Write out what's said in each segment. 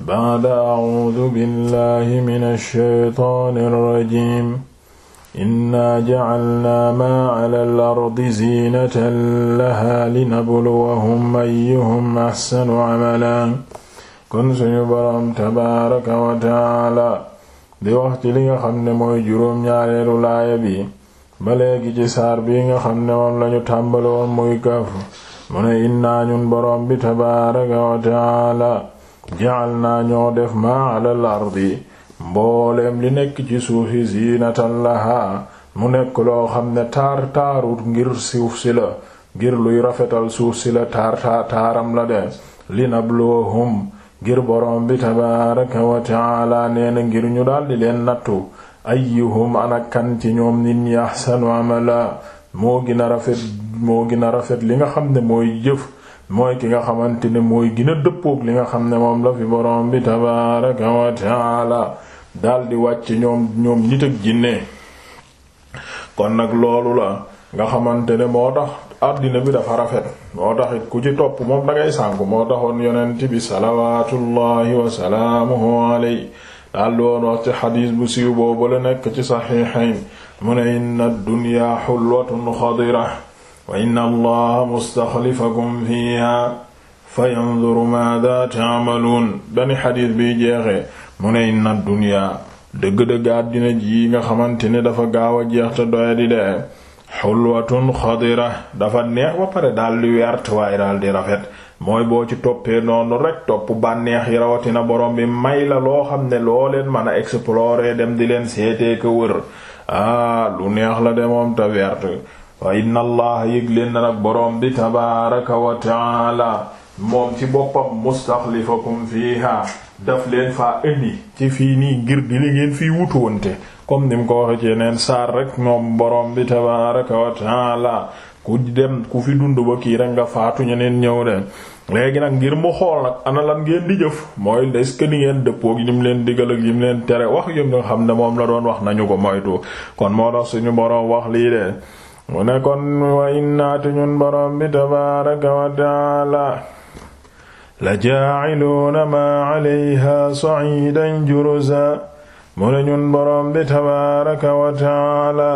ba'da a'uudu billahi mina shaytaani rajiim inna ja'alnaa maa 'alal ardi ziinatan lahaa linabluwahum ayyuhum ahsanu 'amalan kon suñu boroom tabaaraka wa ta'aala di wax ci li nga xam ne mooy juróom-ñaareelu laaya bi ba léegi ci saar bi nga xam ne moom lañu tàmbaloon muy Kahf mu ne inna ñun boroom bi tabaaraka wa ta'aala jaal naa ñoo def ma alal bi mbooleem li nekk ci suufi ziinatan laha mu nekk loo xam ne taar taarut ngir suuf si la ngir luy rafetal suuf si la taar taaram la de linabluwahum ngir borom bi tabaaraka wa taala nee na ngir ñu daldi leen nattu ayyuhum anakan ci ñoom nit ñi ahsanu amala moo gën a rafet moo gën a rafet li nga xam ne mooy jëf mooy ki nga xamante ne mooy gën a li nga xam ne moom la fi borom bi tabaaraka wa dal di wàcc ñoom ñoom nit ak jinne kon nag loolu la nga xamante ne moo tax àddina bi dafa rafet moo tax ku ci topp moom dangay sànku moo taxoon yonent bi salawaatullahi wa salaamuhu alayhi daal doon wax ci xadiis bu siiw boobu la nekk ci saxiixayn mu ne inna ad-dunya xadira wa inna allaha mustaxlifakum fiiha fa yanduru maada taamaluun bani xadiis biy jeexee mu ne inna duniyaa dëgg-dëgg àddina ji nga xamante ne dafa gaaw a jeex te doya di xulwatun xadira dafa neex ba pare daal di weert waaye daal di rafet mooy boo ci toppee noonu rek topp bànneex yi rawatina borom bi may la loo xam ne loo leen mën a explorer dem di leen seetee ko wër ah lu neex la de moom te wert wa inna allaha yëg leen na nag boroom bi tabaaraka wa taala moom ci boppam mustaxlifakum fiiha daf leen faa indi ci fii nii ngir di li ngeen fii wutu wutuwante comme ni mu ko waxe ci neen saar rek moom boroom bi tabaaraka wa taala ku dem ku fi dund ba kii rek nga faatu ñeneen ñëw de léegi nag ngir mu xool nag ana lan ngeen di jëf mooy est-ce que ni ngeen mu leen digal yi mu leen tere wax yëm nga xam ne moom la doon wax nañu ko moytu kon moo tax suñu boroom wax lii de mu ne kon wa innaati ñun borom bi tabaaraka wa taala la jaaciluuna maa calayha saciidan juruza wa taala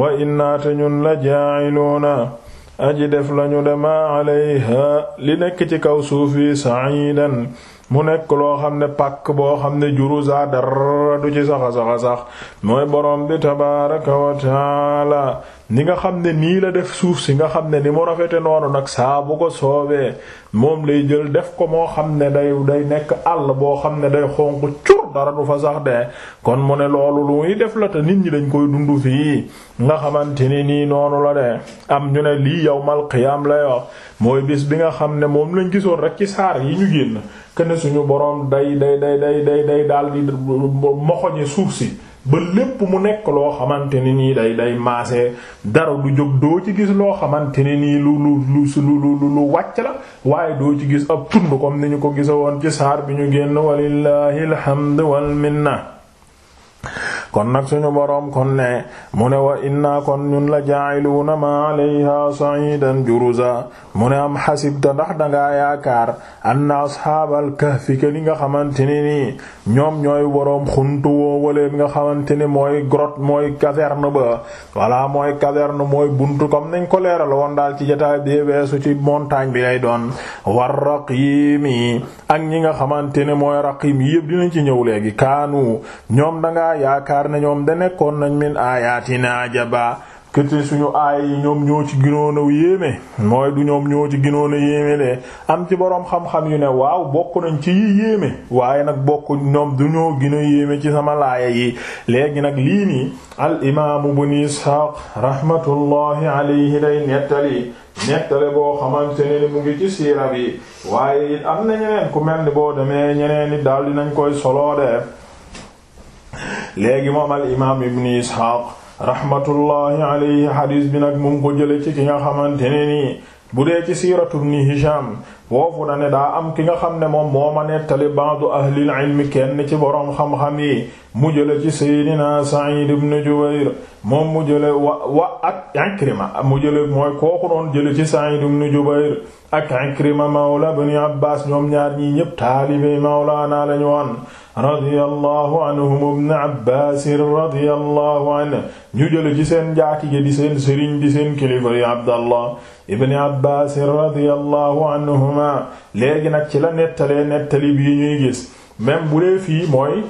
wa innaati la jaaciluuna aji def lañu dema alayha li nekk ci kaw suuf yi sa'idan mu nekk loo xam ne pàkk boo xam ne juru saa dara du ci saxa saxa sax mooy borom bi tabaaraka wa ni nga xam ne nii la def suuf si nga xam ne ni mu rafete noonu nag saa bu ko soobee moom lay jël def ko moo xam ne day day nekk àll boo xam ne day xonq dara du fa sax de kon mu ne loolu lu muy def la te nit ñi dañ koy dund fii nga xamante ni nii noonu la de am ñu ne lii yawmal qiyaam la yoo mooy bis bi nga xam ne moom lañ gisoon rek ci saar yi ñu génn kene suñu boroom day day day day day day daal di moxoñe suuf si ba lépp mu nekk loo xamante ne nii day day maase dara du jóg doo ci gis loo xamante ni nii lu lu lu lu lu wàcc la waaye doo ci gis ab tund comme ni ñu ko gisa woon ci saar bi ñu génn walillahi alhamdu wal minna kon nag suñu woroom kon ne mu ne wa inna kon ñun la jaa'iluuna ma alayha sa'idan juruza mu ne am xasibta ndax danga yaakaar anna ashaabal kahfi li nga xamante ni ñoom ñooy boroom xuntu woo wala nga xamante ne mooy grot mooy caverne ba walla mooy caverne mooy buntu comme nañ ko leeral woon daal ci jotaay bi weesu ci montagne bi lay doon war raqiimi ak ñi nga xamante ne mooy raqiim yépp dinañ ci ñëw léegi kaanu ñoom dangaa yaakaar yaakaar ne ñoom da nekkoon nañ min ayatina ajaba këte suñu aaya yi ñoom ñoo ci ginoon a yéeme mooy du ñoom ñoo ci ginoon a yéeme de am ci boroom xam-xam yu ne waaw bokk nañ ci yi yéeme waaye nag bokk ñoom du ñoo gën a yéeme ci sama laaya yi léegi nag lii nii al imaamu bnu isxaaq rahmatullahi alayhi day nettali nettale boo xamante ne ni mu ngi ci siira bi waaye it am na ñeneen ku mel ni boo demee ñeneen it daal dinañ koy solo de léegi moom al imaam ibn Isxaaq rahmatullahi alayhi xadiis bi nag mu ngi ko jële ci ki nga xamante ne nii bu dee ci siiratu ibn Hisham foofu na ne daa am ki nga xam ne moom moo ma nettali ba'du ahlil ilmi kenn ci boroom xam-xam yi mu jële ci seydina Sa'id ibn Jubayr moom mu jële wa wa ak Ikrima mu jële mooy kooku noon jële ci Sa'id ibn Jubayr ak Ikrima mawla ibn Abbas ñoom ñaar ñii ñépp taalibe mawlaana ci seen njaatige di seen sëriñ di seen kilifa yi Abdallah ibn Abbas radiyallahu anhum anhuma léegi nag ci la nettalee nettali bii ñuy gis même bu dee fii mooy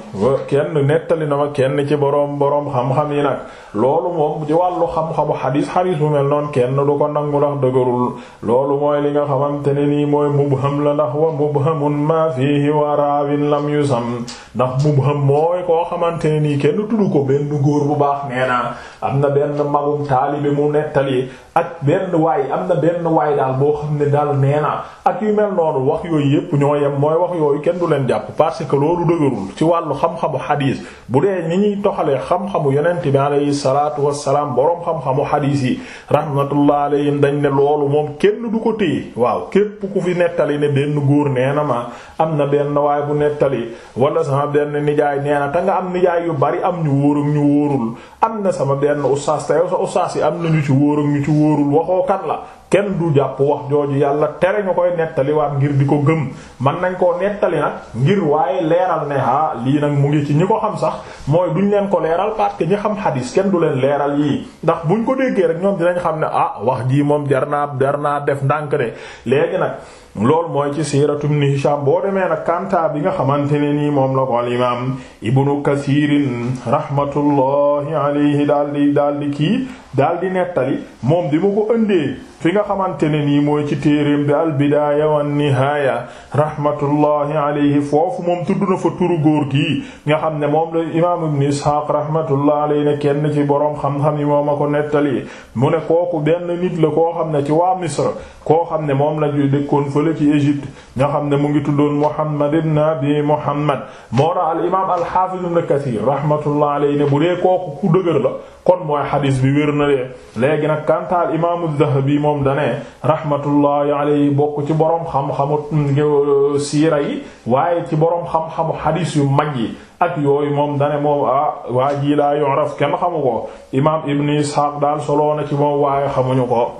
kenn nettali na ma kenn ci borom boroom xam-xam yi nag loolu moom ci wàllu xam-xamu xadis xadis bu mel noonu kenn du ko nangu ndax loolu mooy li nga xamante ne nii mooy mubham la ndax wa mubhamun ma fihi wa raawin lam yusam ndax mubham mooy koo xamante ne nii kenn tudd ko benn góor bu baax nee naa am na benn magum taalibe mu nettali ak benn waay am na benn waay daal boo xam ne daal nee naa ak yu mel noonu wax yooyu yépp ñoo yem mooy wax yooyu kenn du leen jàpp parce parce que loolu dëgërul ci wàllu xam-xamu xadiis bu dee ni ñuy toxalee xam-xamu yonent bi alayhi salaatu wassalaam boroom xam-xamu xadiis yi rahmatullah alayhim dañ ne loolu moom kenn du ko téye waaw képp ku fi nettali ne benn góor nee na ma am na benn waaye bu nettali wala sama benn nijaay nee na te nga am nijaay yu bari am ñu wóor ñu wóorul am na sama benn ustaas te yow sa ustaas yi am na ñu ci wóor ñu ci wóorul waxoo kat la kenn du jàpp wax jooju yàlla tere ñu koy nettaliwaat ngir di ko gëm man nañ koo nettali ngir waaye leeral ne ah lii nag mu ngi ci ñi ko xam sax mooy duñ leen ko leeral parce que ñi xam xadis kenn du leen leeral yii ndax ñu ko déggee rek ñoom dinañ xam ne ah wax jii moom jar naa jar naa def ndànk de léegi nag loolu mooy ci siiratu ibn Hisham boo demee nag kanta bi nga xamante ne nii moom la ko al imaam ibnu kasirin rahmatullahi alayhi daal di daal di kii daal di nettali moom di ma ko ëndee fi nga xamante ne nii mooy ci téeréem bi al bidaaya wan nihaaya rahmatullahi alayhi foofu moom tudd na fa turu góor gii nga xam ne moom la imaam ibn Ishaq rahmatullahi alayhi ne kenn ci boroom xam-xam yi moom a nettali mu ne kooku benn nit la koo xam ne ci waa Misr koo xam ne moom la dëkkoon fële fële ci Égypte nga xam ne mu ngi tuddoon Muhammad ibn Abi Muhammad moo ra al imaam al Haafiz ibn Kathir rahmatullah alayhi ne bu dee kooku ku dëgër la kon mooy xadis bi wér na de léegi nag kanta al imaam az-Zahabi moom dane rahmatullahi alayhi bokk ci boroom xam-xamu euh, siira yi waaye ci boroom xam-xamu xadis yu mag yi ak yooyu moom dane moom ah waa ji laa yu'raf kenn xamu ko imaam Ibn Ishaq daal solo na ci ko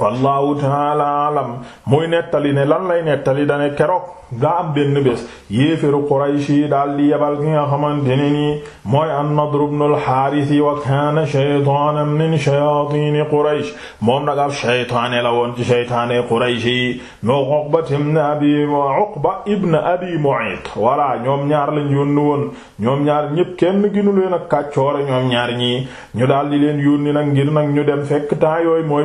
wallahu ala alam muy nettali ne lan lay nettali dane keroog daa am benn bés yéeféru Quraysh yi daal di yebal ki nga xamante ne nii mooy an-Nadr ibn al wa kaana shaytaanan min shayaatiini Quraysh moom nag ab shaytaane la woon ci shaytaane Quraysh yi ñoo Uqba ibn Abi Uqba ibn Abi Mu'ayt walla ñoom ñaar la yónni woon ñoom ñaar ñépp kenn ginu leen ak kàccoore ñoom ñaar ñii ñu daal leen yónni nag ngir nag ñu dem fekk temps yooyu mooy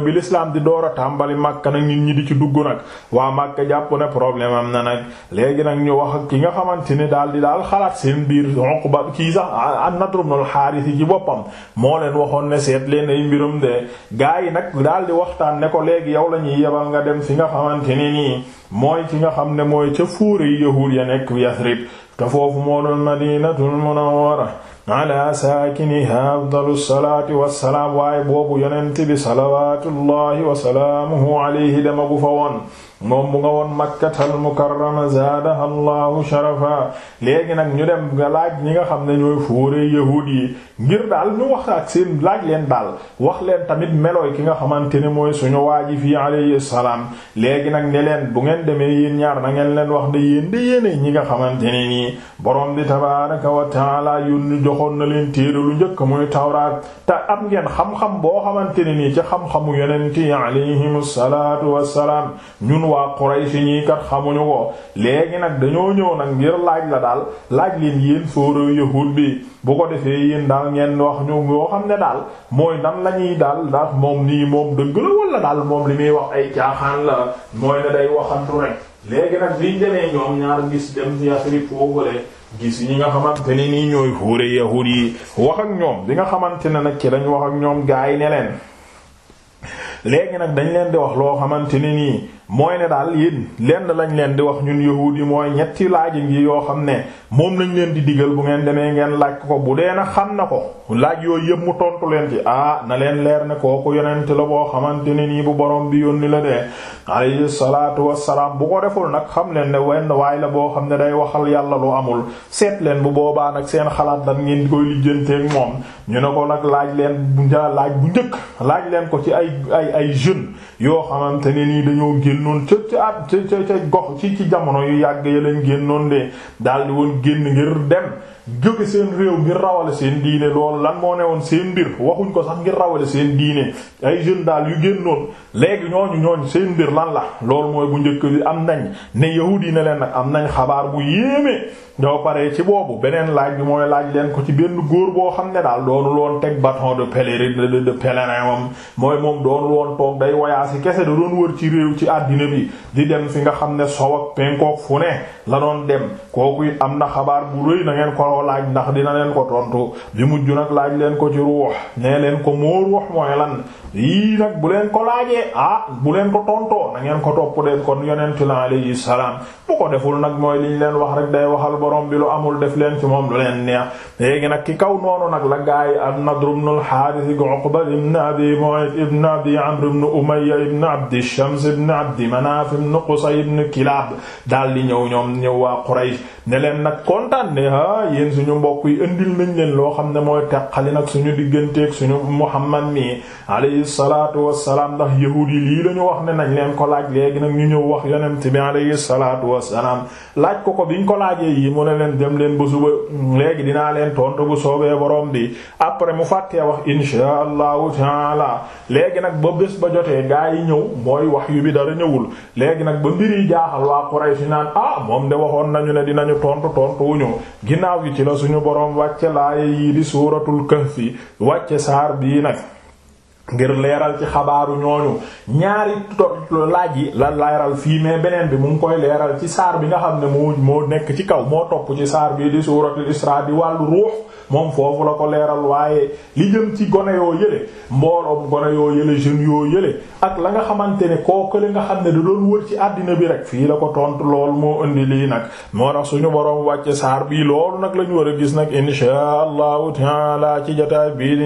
door a Makka nag nit ñi di ci dugg nag waa Makka jàpp ne problème am na nag léegi nag ñu wax ak ki nga xamante ni daal di daal xalaat seen biir Uqba kii sax an-Nadr ibn al-Harith ci boppam moo leen waxoon ne seet leen ay mbirum de gaa yi nag daal di waxtaan ne ko léegi yow la ñuy yebal nga dem si nga xamante ni nii mooy ci nga xam ne mooy ca fóore yi yahuud ya nekk Yasrib te foofu moo doon Madinatul Munawwara ala saakiniha afdalu salaati wassalaam waaye boobu yonent bi salawaatullahi wa salaamuhu alayhi demagu fa woon moom bu nga woon makkatal mukarrama zaadaha allahu sharafa léegi nag ñu dem nga laaj ñi nga xam ne ñooy fóoree yahuud yi ngir daal ñu wax ak seen laaj leen daal wax leen tamit melooy ki nga xamante ne mooy suñu waa ji fii alayhi salaam léegi nag ne leen bu ngeen demee yéen ñaar na ngeen leen wax ne yéen de yéene ñi nga xamante ne borom bi tabaaraka wa taala yónni joxoon na leen téere lu njëkk muy tawraat te am ngeen xam-xam boo xamante ne nii ci xam-xamu yonent yi alayhimu salaatu ñun waa Quraysh ñii kat xamuñu ko léegi nag dañoo ñëw nag ngir laaj la daal laaj leen yéen sóoróo yahud bi bu ko defee yéen daal ngeen wax ñu yoo xam ne daal mooy nan la ñuy daal ndax moom nii moom dëgg la wala daal moom li muy wax ay caaxaan la mooy ne day waxantu rek léegi nag biñ demee ñoom ñaar gis dem ci Afrique foofule gis ñi nga xamante ne nii ñooy xuure yahud yi wax ak ñoom bi nga xamante ne nag ci lañ wax ak ñoom gaay ne leen léegi nag dañ mooy ne daal yéen lenn lañ leen di wax ñun yahuud yi mooy ñetti laaj ngi yoo xam ne moom lañ leen di digal bu ngeen demee ngeen laaj ko bu dee na xam na ko laaj yooyu yëpp mu tontu leen ci ah na leen leer ne kooku yonent la boo xamante ne nii bu borom bi yónni la dee alayhi salaatu wassalaam bu ko deful nag xam leen ne wenn waaye la boo xam ne day waxal yàlla lu amul seet leen bu boobaa nag seen xalaat lan ngeen koy lijjanteeg moom ñu ne ko nag laaj leen bu njaa laaj bu njëkk laaj leen ko ci ay ay ay jeunes yoo xamante ne nii dañoo génnoon ca ca at ca ca gox ci ci jamono yu yàgg yi lañ génnoon de daldi woon génn ngir dem jóge seen réew ngir rawale seen diine loolu lan moo ne woon seen mbir waxuñ ko sax ngir rawale seen diine ay jeunes daal yu génnoon léegi ñooñu ñooñ seen mbir lan la lool mooy bu njëkk bi am nañ ne yahud yi ne leen nag am nañ xabaar bu yéemee ñoo paree ci boobu beneen laaj bi mooy laaj leen ko ci benn góor boo xam ne daal doonul woon teg bâton de pèlerin de pèlerin moom mooy moom doonul woon toog day voyage kese da doon wër ci réew ci àddina bi di dem fi nga xam ne sow ak penkook fu ne la am na xabaar ko laaj ndax dina leen ko tontu bi mujj nag laaj leen ko ci ruux nee leen ko moo ruux mooy lan yii nag bu leen ko laajee ah bu leen ko tontoo na ngeen ko topp de kon yonentu la alayhi salaam bu ko deful nag mooy liñ leen wax rek day waxal borom bi lu amul def leen ci moom lu leen neex léegi nag ki kaw noonu nag la gaay an-Nadr ibn al-Harith Uqba ibn Abi Mu'ayt ibn Abi Amr ibn Umayya ibn Abdi Shams ibn Abdi Manaf ibn Qusay ibn Kilab daal di ñëw ñoom ñëw waa Quraysh ne leen nag kontaan ne ah yéen suñu mbokk yi indil nañ leen loo xam ne mooy teqali nag suñu digganteeg suñu Muhammad mi alayhi salaatu wassalaam ndax yahuud yi lii la wax ne nañ leen ko laaj léegi nag ñu ñëw wax yonent bi alayhi salaatu wassalaam laaj ko ko biñ ko laajee yi mu ne leen dem leen ba suba léegi dinaa leen tontu bu soobee borom bi après mu fàttee wax insha allahu taala léegi nag ba bés ba jotee gaa yi ñëw mooy wax yu bi dara ñëwul nag ba tontu tontu wuñu ginnaaw gi ci la suñu boroom wàcce lay yii di suuratul kahfi wàcce saar bii nag ngir leeral ci xabaaru ñooñu ñaari to laaj yi la leeral fii mais beneen bi mu koy leeral ci saar bi nga xam ne moo moo nekk ci kaw moo topp ci saar bi di suuratul Isra di wàllu ruux moom foofu la ko leeral waaye li jëm ci gone yoo yële mbooloom gone yoo yële jeunes yoo yële ak la nga xamante ne kooku li nga xam ne da doon wër ci àddina bi rek fii la ko tontu lool moo indi lii nag moo tax suñu boroom wàcce saar bi loolu nag la ñu war a gis nag inshaa Allahu taala ci jotaay bii di